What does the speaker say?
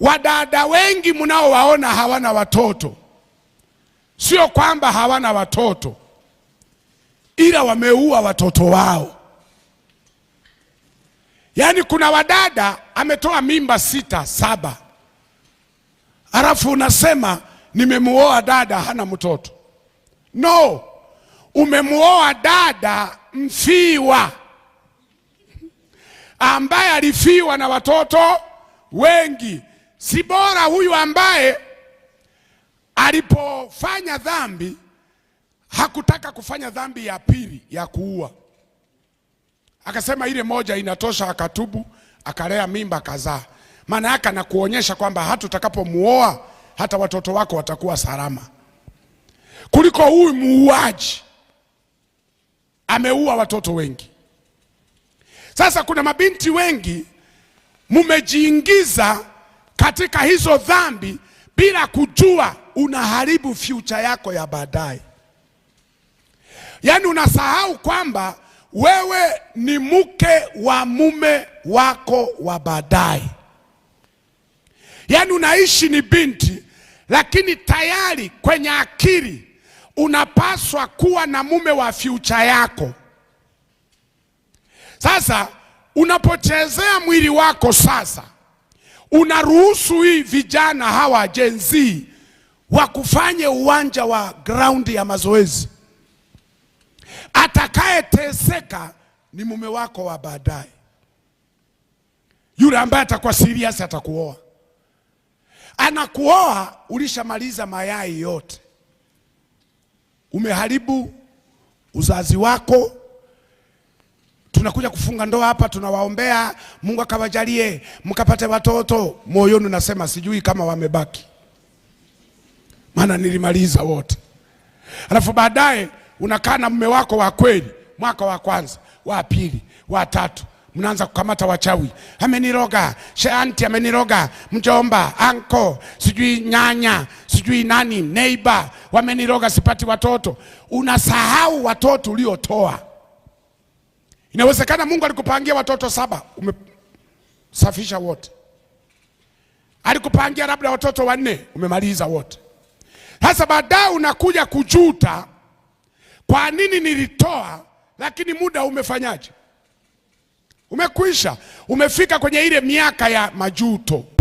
Wadada wengi mnaowaona hawana watoto, sio kwamba hawana watoto, ila wameua watoto wao. Yaani kuna wadada ametoa mimba sita saba, alafu unasema nimemuoa dada hana mtoto. No, umemuoa dada mfiwa ambaye alifiwa na watoto wengi si bora huyu ambaye alipofanya dhambi hakutaka kufanya dhambi ya pili ya kuua, akasema ile moja inatosha, akatubu, akalea mimba kazaa. Maana yake anakuonyesha kwamba hata utakapomuoa hata watoto wako watakuwa salama, kuliko huyu muuaji ameua watoto wengi. Sasa kuna mabinti wengi mumejiingiza katika hizo dhambi bila kujua, unaharibu future yako ya baadaye. Yaani unasahau kwamba wewe ni mke wa mume wako wa baadaye. Yaani unaishi ni binti, lakini tayari kwenye akili unapaswa kuwa na mume wa future yako. Sasa unapochezea mwili wako sasa unaruhusu hii vijana hawa Gen Z wakufanye uwanja wa ground ya mazoezi. Atakayeteseka ni mume wako wa baadaye, yule ambaye atakuwa serious atakuoa. Anakuoa, ulishamaliza mayai yote, umeharibu uzazi wako, tunakuja kufunga ndoa hapa, tunawaombea Mungu akawajalie mkapate watoto. Moyoni nasema sijui kama wamebaki, maana nilimaliza wote. Alafu baadaye unakaa na mume wako wa kweli, mwaka wa kwanza, wa pili, wa tatu, mnaanza kukamata wachawi. Ameniroga sheanti, ameniroga mjomba, anko, sijui nyanya, sijui nani, neiba, wameniroga, sipati watoto. Unasahau watoto uliotoa Inawezekana Mungu alikupangia watoto saba, umesafisha wote. Alikupangia labda watoto wanne, umemaliza wote. Sasa baadaye unakuja kujuta, kwa nini nilitoa? Lakini muda umefanyaje? Umekwisha, umefika kwenye ile miaka ya majuto.